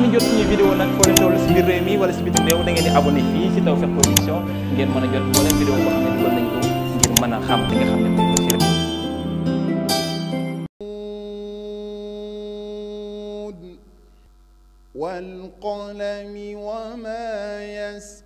ngeen jot suñuy vidéo nag foo leen toll si biir réew mi wala si biti réew da ngeen di abonné fii si Tawfekh Production ngeen mën a jot moo leen vidéo boo xam ne dugal nañ ko ngir mën a xam li nga xam ne wal qalami wa ma yas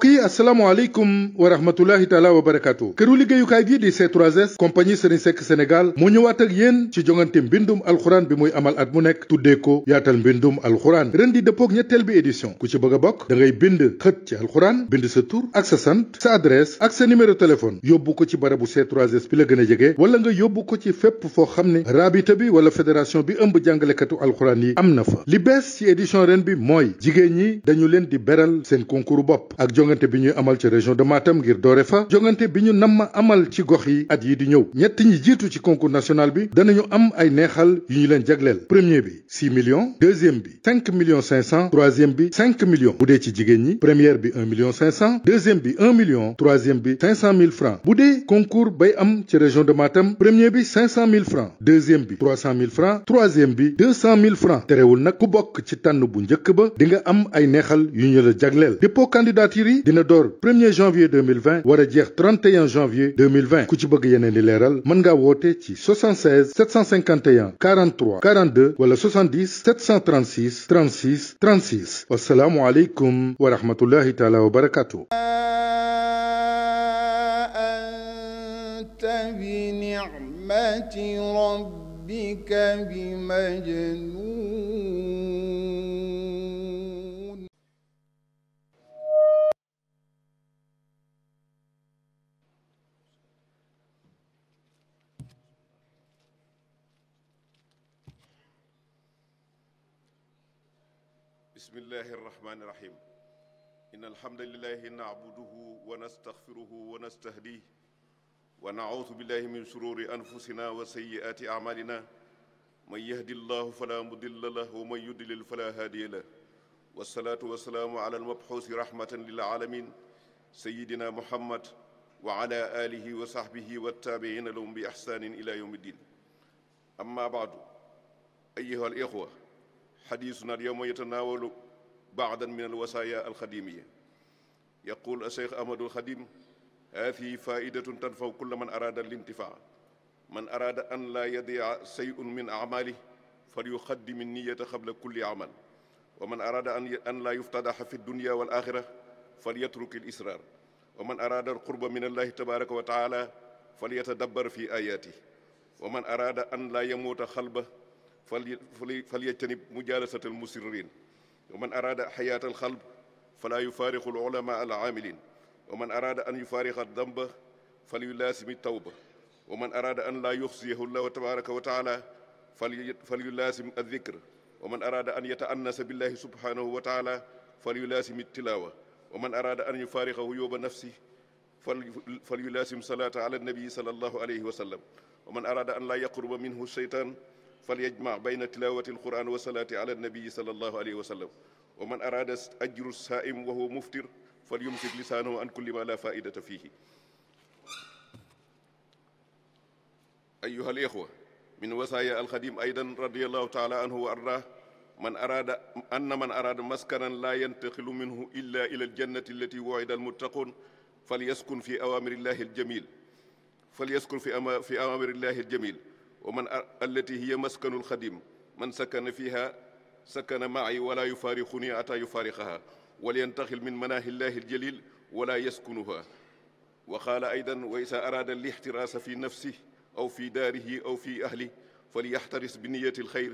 mbokk yi asalaamaaleykum wa rahmatulahi taala wa barakaatu këru liggéeyukaay bii di C3S compagnie Serigne Seck Sénégal moo ñëwaat ak yéen ci jongante mbindum alxuraan bi muy amal at mu nekk tuddee ko yaatal mbindum alxuraan ren di dëppoog ñetteel bi édition ku ci bëgg a bokk da ngay bind xët ci alxuraan bind sa tur ak sa sant sa adresse ak sa numéro téléphone yóbbu ko ci barabu C3S bi la gën a jege wala nga yóbbu ko ci fépp foo xam ne rabita bi wala fédération bi ëmb jàngalekatu alxuraan yi am na fa li bees ci ren bi mooy jigéen ñi dañu leen di beral seen concours bopp ak jongante bi ñuy amal ci région de Matam ngir doore fa jongante bi ñu namm amal ci gox yi at yi di ñëw ñett ñi jiitu ci concours national bi danañu am ay neexal yu ñu leen jagleel premier bi 6 millions deuxième bi 5 millions 500 troisième bi 5 millions bu dee ci jigéen ñi première bi 1 million 500 deuxième bi 1 million troisième bi 500 000 francs bu dee concours bay am ci région de Matam premier bi 500 000 francs deuxième bi 300 000 francs troisième bi 200 000 francs terewul nag ku bokk ci tànn bu njëkk ba dinga am ay neexal yu ñu la jagleel dina door 1er janvier 2020 war a jeex 31 janvier 2020 ku ci bëgg yeneen di leeral mën ngaa woote ci 76 751 43 42 wala 70 736 36 36 wasalaamu aleykum wa rahmatullahi taala wa barakatuh بنعمة ربك بسم الله الرحمن الرحيم إن الحمد لله نعبده ونستغفره ونستهديه ونعوذ بالله من شرور أنفسنا وسيئات أعمالنا من يهدي الله فلا مضل له ومن يضلل فلا هادي له والصلاة والسلام على المبعوث رحمة للعالمين سيدنا محمد وعلى آله وصحبه والتابعين لهم بإحسان إلى يوم الدين أما بعد أيها الإخوة حديثنا اليوم يتناول بعضا من الوصايا الخديمية يقول الشيخ أحمد الخديم هذه فائدة تنفع كل من أراد الانتفاع من أراد أن لا يضيع شيء من أعماله فليقدم النية قبل كل عمل ومن أراد أن لا يفتضح في الدنيا والآخرة فليترك الإسرار ومن أراد القرب من الله تبارك وتعالى فليتدبر في آياته ومن أراد أن لا يموت خلبه falyajtanib mujaalasatal musirriin wa man araada xayaatal xalb falaa yufaarixul ulamaa al aamiliin wa man araada an yufaarixa damba falyulaasimi tawba wa man araada an laa yuxsiyahu llaahu tabaaraka wa taala falyulaasim addikr wa man araada an yataannasa billaahi subhaanahu wa taala falyulaasim tilaawa wa man araada an yufaarixahu yóoba nafsi falyulaasim salaata ala nabii sallallahu alayhi wa sallam wa man araada an laa yaqruba minhu seytaan fal yajma bayna tilawati alquran wa salaati ala annabiyi sal allahu alayhi wa sallam wa man araada ajru saa'im wa huwa muftir fal yumsik lisaanahu an kulli ma la faidata fihi أيها الإخوة من وصايا الخديم أيضا رضي الله تعالى عنه وأرضاه من أراد أن من أراد مسكنا لا ينتقل منه إلا إلى الجنة التي وعد المتقون فليسكن في أوامر الله الجميل فليسكن في, أما في أوامر الله الجميل wa man allati hiya maskanul xadim man sakkana fiha sakkana maay wala yufaarixuni ata yufaarixaha walyantaxil min manahillahi aljalil wala yaskunuha wa qaala aydan wa isa araada lixtiraasa fi nafsih aw fi daarihi aw fi ahli falyaxtaris bi niyati alxayr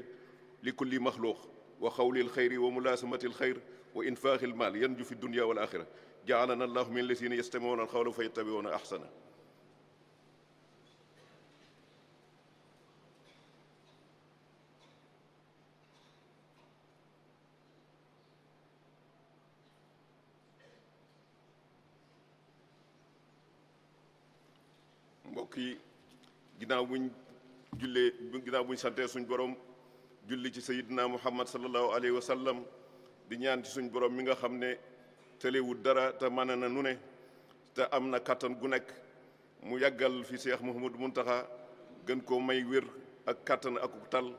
li kulli maxluuq wa xawli alxayri wa mulaasamati alxayr wa infaaxi almaal yanju fi dunya wal axira jaalana allahu min lazina yastamiuuna alxawla fa yattabiuuna axsana mbokk yi ginnaaw buñ jullee ginnaaw buñ santee suñ borom julli ci sayidina muhammad sallallahu alayhi wa sallam di ñaan ci suñ borom mi nga xam ne tëlewul dara te mën na nu ne te am na kàttan gu nekk mu yàggal fi seex Mouhamadou Mountakha gën koo may wér ak kattan ak tal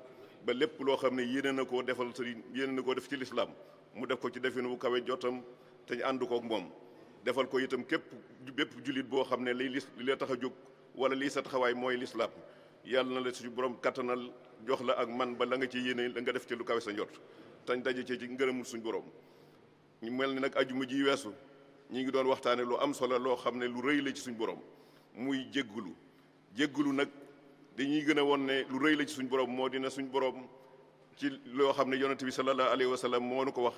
ba lépp loo xam ne yéeneen na koo defal sëriñ yéene na koo def ci lislaam mu def ko ci defin wu kawe jotam te ñu ànd kook moom defal ko itam képp bépp jullit boo xam ne lay li la tax a jóg wala lii sa taxawaay mooy lislaam yàlla na la suñu borom kattanal jox la ak man ba la nga ci yéene nga def ci lu kawe sa njot tañ daje ci ci ngërëmul suñu borom ñu mel ni nag ajuma ji weesu ñi ngi doon waxtaane lu am solo loo xam ne lu rëy la ci suñu borom muy jéggulu jéggulu nag dañuy gën a woon ne lu rëy la ci suñu borom moo dina suñu borom ci loo xam ne yonent bi sallallahu alayhi wa sallam moo nu ko wax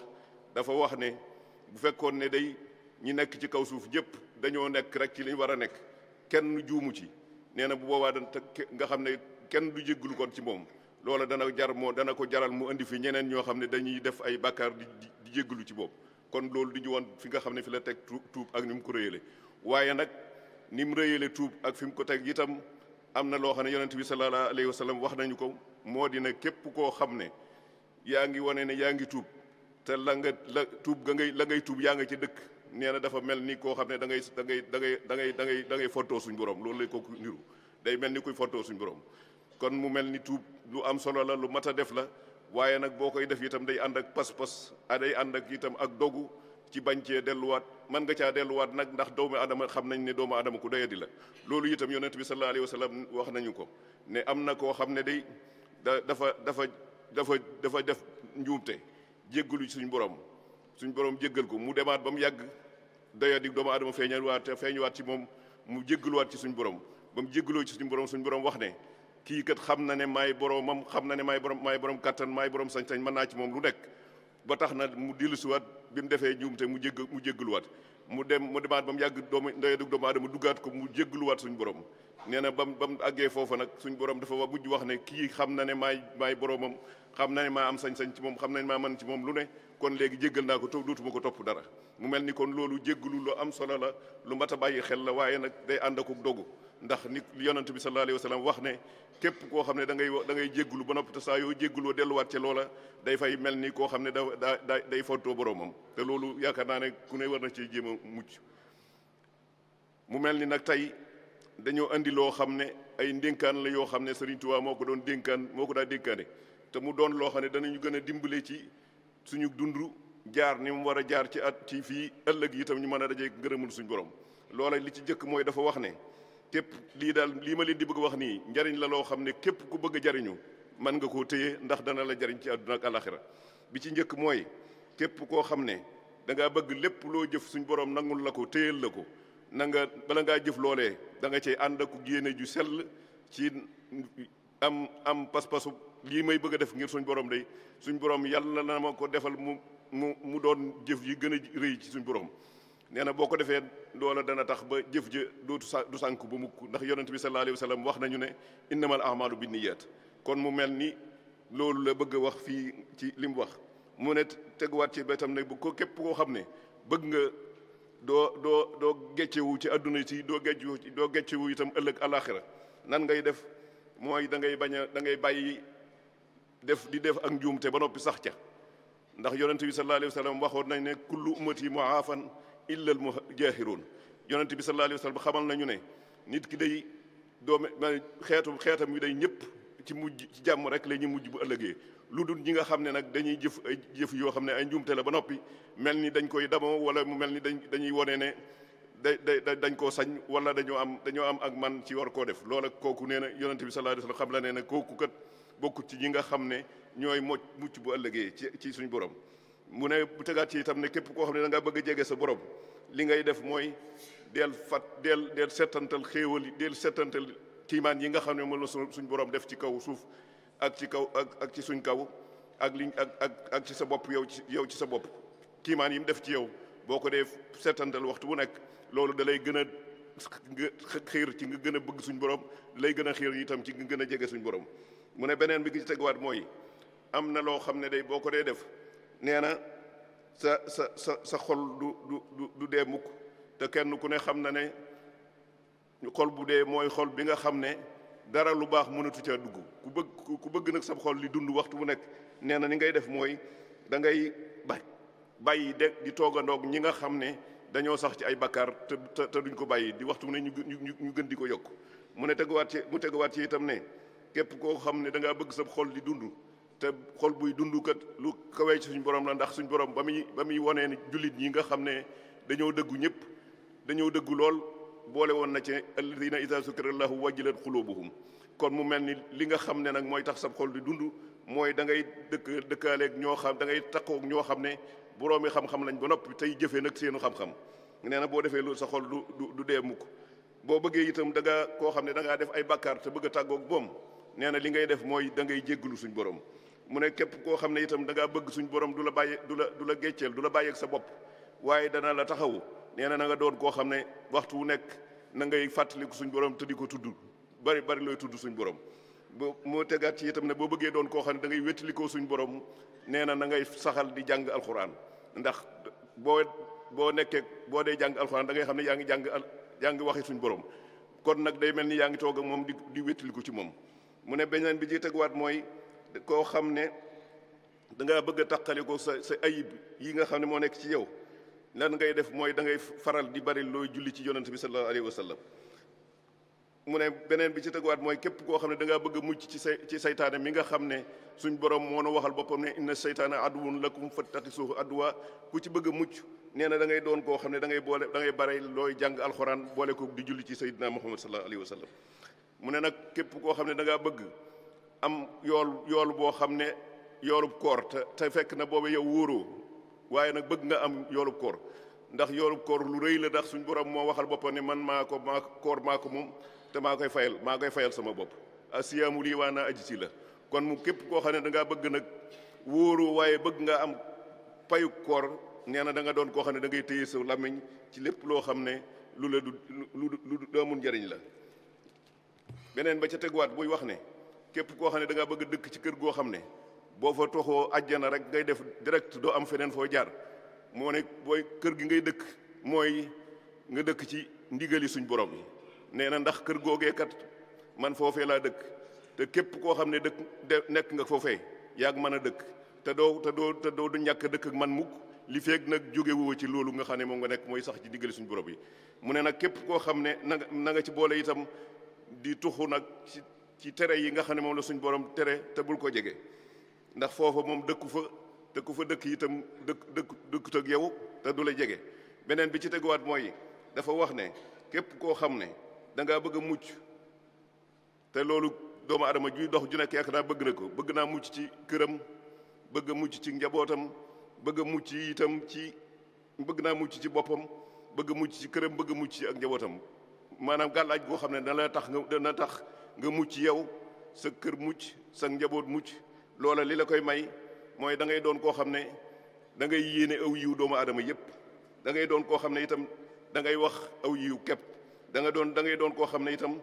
dafa wax ne bu fekkoon ne day ñi nekk ci kaw suuf jëpp dañoo nekk rek ci li war a nekk kenn juumu ci nee na bu boobaa dan nga xam ne kenn du jégglu kon ci moom loola dana jar moo dana ko jaral mu indi fi ñeneen ñoo xam ne dañuy def ay bàkkaar di di ci boobu kon loolu di ñu woon fi nga xam ne fi la teg tuub ak ni mu ko rëyale waaye nag ni mu rëyale tuub ak fi mu ko teg itam am na loo xam ne yonent bi sallallahu alayhi wa sallam wax nañu ko moo di ne képp koo xam ne yaa ngi wane ne yaa ngi tuub te la nga la tuub ga ngay la ngay tuub yaa nga ci dëkk nee na dafa mel ni koo xam ne da ngay da da ngay da ngay da ngay da ngay fontoo suñ borom loolu lay ko niru day mel ni kuy fontoo suñu borom kon mu mel ni tuub lu am solo la lu mat a def la waaye nag boo koy def itam day ànd ak pas-pas day ànd ak itam ak dogu ci bañ cee delluwaat mën nga caa delluwaat nag ndax doomu adama xam nañ ne doomu adama ku doyadi la loolu itam yonent bi sallallahu alayhi wa sallam wax nañu ko ne am na koo xam ne day da dafa dafa dafa dafa def njuumte jéggalu suñ borom suñ borom jéggal ko mu demaat ba mu yàgg daya di doomu aadama feeñawaat feeñuwaat ci moom mu jéggaluwaat ci suñ borom ba mu ci suñ borom suñ borom wax ne kii kat xam na ne maay boromam xam na ne maay borom maay borom kattan maay borom sañ-sañ mën ci moom lu nekk ba tax na mu dellusiwaat bi mu defee njuumte mu jégg mu jéggaluwaat mu dem mu demaat ba mu yàgg doomu ndaya di doomu duggaat ko mu jéggaluwaat borom nee na ba mu ba mu àggee foofa nag suñ borom dafa mujj wax ne kii xam na ne maay maay boromam xam nañ maa am sañ-sañ ci moom xam nañ maa man ci moom lu ne kon léegi jéggal naa ko to dootuma ko topp dara mu mel ni kon loolu jéggalu lu am solo la lu mat a bàyyi xel la waaye nag day ànd ak dogu ndax nit ni yonent bi sallallahu alayhi wa sallam wax ne képp koo xam ne da ngay da ngay ba noppi te saa delluwaat ca loola day fay mel ni koo xam ne da daa day fontoo boroomam te loolu yaakaar naa ne ku ne war na cee jéem a mucc mu mel ni nag tey dañoo indi loo xam ne ay ndénkaan la yoo xam ne Sëriñ tuwaa moo ko doon dénkaan moo ko daa dénkaane te mu doon loo xam ne danañu gën a dimbale ci suñu dund jaar ni mu war a jaar ci at ci fii ëllëg yi itam ñu mën a dajee ngërëmul suñu borom loola li ci njëkk mooy dafa wax ne képp lii daal lii ma leen di bëgg wax nii njariñ la loo xam ne képp ku bëgg a jariñu mën nga ko téye ndax dana la jariñ ci àdduna ak ra bi ci njëkk mooy képp koo xam ne da ngaa bëgg lépp loo jëf suñu borom nangul la ko téyel la ko na nga bala ngaa jëf loolee danga cee cay ànd ak yéene ju sell ci am am pas lii may bëgg a def ngir suñ borom day suñ borom yàlla na ma ko defal mu mu mu doon jëf yi gën a rëy ci suñ borom nee na boo ko defee loola dana tax ba jëf ji dootu sa du sànk ba mukk ndax yonent bi sallallahu alayhi wa sallam wax nañu ne innamal a'malu binniyat kon mu mel ni loolu la bëgg a wax fii ci li mu wax mu ne teguwaat ci ba tam ne bu ko képp koo xam ne bëgg nga doo doo doo geccewu ci àdduna si doo geccewu doo geccewu itam ëllëg àllaaxira nan ngay def mooy da ngay bañ a da ngay bàyyi def di def ak njuumte ba noppi sax ca ndax yonent bi sallallahu alayhi wa sallam waxoon nañ ne kullu ummati muaafan illa al mujaahiruun yonent bi sallallahu alayhi wa sallam xamal nañu ne nit ki day doome xeetu xeetam wi day ñëpp ci mujj ci jàmm rek la ñuy mujj bu ëllëgee lu dul ñi nga xam ne nag dañuy jëf ay jëf yoo xam ne ay njuumte la ba noppi mel ni dañ koy damoo wala mu mel ni dañ dañuy wone ne da da dañ koo sañ wala dañoo am dañoo am ak man ci war koo def loola kooku nee na yonent bi sallallahu alayhi wa xam la nee na kooku kat bokk ci ñi nga xam ne ñooy mo mucc bu ëllëgee ci ci suñu borom mu ne bu tegaat ci itam ne képp koo xam ne da nga bëgg a jege sa borom li ngay def mooy del fat del del settantal xéewal yi del settantal tiimaan yi nga xam ne moom la suñ borom def ci kaw suuf ak ci kaw ak ak ci suñ kaw ak liñ ak ak ak sa bopp yow ci yow ci sa bopp kiimaan yi mu def ci yow boo ko dee settantal waxtu bu nekk loolu da lay gën a xiir ci nga gën a bëgg suñ borom da lay gën a xiir itam ci nga gën a jege suñu borom mu ne beneen bi gi teguwaat mooy am na loo xam ne day boo ko dee def nee na sa sa sa sa xol du du du dee mukk te kenn ku ne xam na ne xol bu dee mooy xol bi nga xam ne dara lu baax mënatu ca dugg ku bëgg ku bëgg nag sa xol li dund waxtu bu nekk nee na ni ngay def mooy dangay ngay bay bàyyi de di toogandoog ñi nga xam ne dañoo sax ci ay bakkaar te te duñ ko bàyyi di waxtu mu ne ñu ñu gën di ko yokk mu ne teguwaat ci mu teguwaat ci itam ne képp koo xam ne da ngaa bëgg sa xol di dund te xol buy dund kat lu kawee ci suñ borom la ndax suñu borom ba muy ba muy wanee ne jullit ñi nga xam ne dañoo dëggu ñëpp dañoo dëggu lool boole woon na ci alladina ida zukira allahu bu xulubuhum kon mu mel ni li nga xam ne nag mooy tax sa xol di dund mooy dangay ngay dëkk dëkkaaleeg ñoo xam da ngay takkoog ñoo xam ne boroomi xam-xam lañ ba noppi tey jëfee nag seenu xam-xam nee na boo defee loolu sa xol du du dee mukk boo bëggee itam da nga koo xam ne da ngaa def ay bàkkaar te bëgg a tàggoog boom nee na li ngay def mooy da ngay jéggalu suñ borom mu ne képp koo xam ne itam da ngaa bëgg suñ borom du la bàyyi du la du la gécceel du la bàyyeeg sa bopp waaye dana la taxawu nee na nga doon koo xam ne waxtu wu nekk na ngay fàttaliku suñ borom te ko tudd bari bari looy tudd suñ borom boo moo tegaat ci itam ne boo bëggee doon koo xam ne dangay wettilikoo wéttalikoo suñ borom nee na na ngay saxal di jàng alxuraan ndax boo boo nekkee boo dee jàng alxuraan da ngay xam ne yaa ngi jàng yaa ngi waxi suñ borom kon nag day mel ni yaa ngi toog ak moom di di wéttaliku ci moom mu ne beneen bi ci teguwaat mooy koo xam ne dangaa bëgg a taqalikoo sa sa ayib yi nga xam ne moo nekk ci yow lan ngay def mooy da ngay faral di bari looy julli ci yonent bi sallallahu alayhi wa sallam mu ne beneen bi ci teguwaat mooy képp koo xam ne da ngaa bëgg mucc ci say ci saytaane mi nga xam ne suñ borom moo nu waxal boppam ne inna saytaana aduwun lakum fattaqisuhu aduwa ku ci bëgg mucc nee na da ngay doon koo xam ne da ngay boole da ngay bare looy jàng alxuraan boole ko di julli ci sayyidina muhammad sallallahu alayhi wa sallam mu ne nag képp koo xam ne da bëgg am yool yool boo xam ne yoolub koor te fekk na booba yow wóoroo waaye nag bëgg nga am yoolub koor ndax yoolub koor lu rëy la ndax suñ borom moo waxal boppam ne man maa ko maa koor maa ko moom te maa koy fayal maa koy fayal sama bopp asiyaamu lii waa naa aji si la kon mu képp koo xam ne da ngaa bëgg nag wóoroo waaye bëgg nga am payu koor nee na da nga doon koo xam ne dangay ngay téye sa làmmiñ ci lépp loo xam ne lu la du lu du amul la beneen ba ca teguwaat buy wax ne képp koo xam ne da bëgg a dëkk ci kër goo xam ne boo fa toxoo àjjana rek ngay def direct doo am feneen foo jaar moo ne booy kër gi ngay dëkk mooy nga dëkk ci ndigali suñ borom yi nee na ndax kër googee kat man foofee laa dëkk te képp koo xam ne dëkk nekk nga foofee yaa mën a dëkk te doo te doo te doo du ñàkk dëkk man mukk li feeg nag jóge woo ci loolu nga xam ne moom nga nekk mooy sax ci ndigali suñu borom yi mu ne nag képp koo xam ne na nga ci boole itam di tuxu nag ci ci tere yi nga xam ne moom la suñ borom tere te bul ko jege ndax foofa moom dëkku fa te fa dëkk yitam dëkk dëkk dëkkut ak yow te du la jege beneen bi ci teguwaat mooy dafa wax ne képp koo xam ne da ngaa bëgg a mucc te loolu doomu adama juy dox ju nekk yaakaar naa bëgg na ko bëgg naa mucc ci këram bëgg a mucc ci njabootam bëgg a mucc itam ci bëgg naa mucc ci boppam bëgg a mucc ci këram bëgg a mucc ci ak njabootam maanaam gàllaaj goo xam ne dana tax nga dana tax nga mucc yow sa kër mucc sa njaboot mucc loola li la koy may mooy da ngay doon koo xam ne da ngay yéene aw yiw doomu aadama yépp da ngay doon koo xam ne itam da wax aw yiw képp da nga doon da ngay doon koo xam ne itam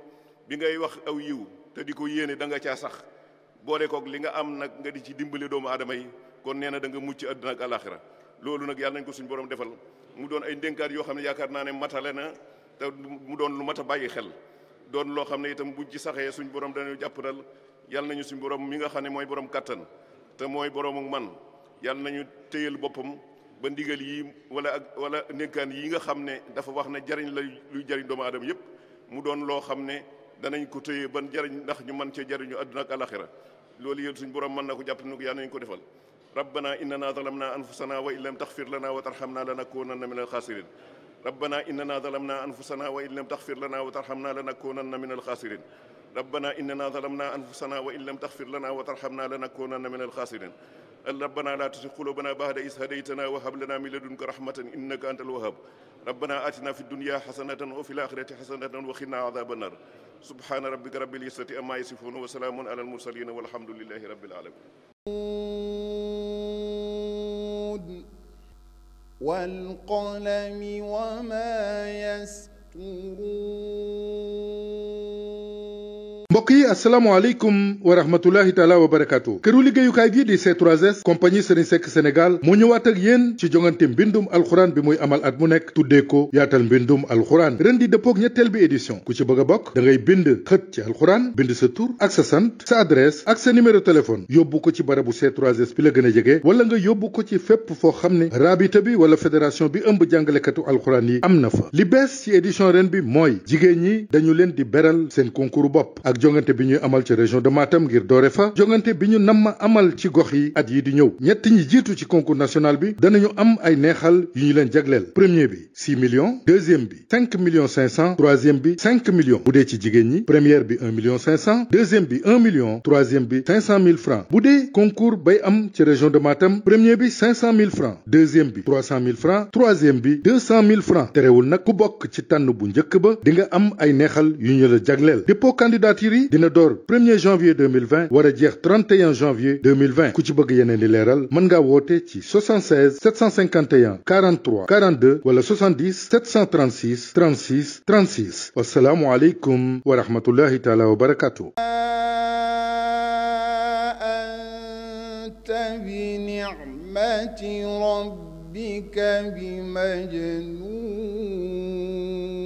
bi ngay wax aw yiw te di ko yéene da nga caa sax boole koog li nga am nag nga di ci dimbale doomu aadama yi kon nee na da mucc àdduna ak alaxira loolu nag yàlla nañ ko suñu borom defal mu doon ay ndénkaat yoo xam ne yaakaar naa ne matale na te mu doon lu mat a bàyyi xel doon loo xam ne itam bu ji saxee suñ borom dañu jàppandal yàlla nañu suñ borom mi nga xam ne mooy borom kattan te mooy borom man yàlla nañu téyal boppam ba ndigal yi wala ak wala nekkaan yi nga xam ne dafa wax ne jariñ la luy jariñ doomu aadama yëpp mu doon loo xam ne danañ ko téye ban jariñ ndax ñu man cee jariñu àdduna ak alaxira loolu yéen suñ borom mën na ko jàpp ne ko yàlla nañu ko defal rabbana innana zalamna anfusana wa illam taxfir lana wa tarhamna lanakunanna minal xaasirin ربنا إننا ظلمنا أنفسنا وإن لم تغفر لنا وترحمنا لنكونن من الخاسرين ربنا إننا ظلمنا أنفسنا وإن لم تغفر لنا وترحمنا لنكونن من الخاسرين ربنا لا تزغ قلوبنا بعد إذ هديتنا وهب لنا من لدنك رحمة إنك أنت الوهاب ربنا آتنا في الدنيا حسنة وفي الآخرة حسنة وقنا عذاب النار سبحان ربك رب العزة عما يصفون وسلام على المرسلين والحمد لله رب العالمين والقلم وما يسطرون mbokk yi asalaamaaleykum wa rahmatulahi taala wa barakaatu këru liggéeyukaay bii di C3S compagnie Serigne Seck Sénégal moo ñëwaat ak yéen ci jongante mbindum alxuraan bi muy amal at mu nekk tuddee ko yaatal mbindum alxuraan ren di dëppoog ñetteel bi édition ku ci bëgg a bokk da ngay bind xët ci alxuraan bind sa tur ak sa sant sa adresse ak sa numéro téléphone yóbbu ko ci barabu C3S bi la gën a jege wala nga yóbbu ko ci fépp foo xam ne rabita bi wala fédération bi ëmb jàngalekatu alxuraan yi am na fa li bees ci ren bi mooy jigéen ñi dañu leen di beral seen concours bopp ak jongante bi ñuy amal ci région de Matam ngir doore fa jongante bi ñu namm amal ci gox yi at yi di ñëw ñett ñi jiitu ci concours national bi danañu am ay neexal yu ñu leen jagleel premier bi 6 millions deuxième bi 5 millions 500 troisième bi 5 millions bu dee ci jigéen ñi première bi 1 million 500 deuxième bi 1 million troisième bi 500 000 francs bu dee concours bay am ci région de Matam premier bi 500 000 francs deuxième bi 300 000 francs troisième bi 200 000 francs terewul nag ku bokk ci tànn bu njëkk ba dinga am ay neexal yu ñu la jagleel bi dina door 1er janvier 2020 war a jeex 31 janvier 2020 ku ci bëgg yeneen di leeral mën ngaa woote ci 76 751 43 42 wala 70 736 36 36 wasalaamu aleykum wa rahmatullahi taala wa barakatuh بنعمة ربك بمجنون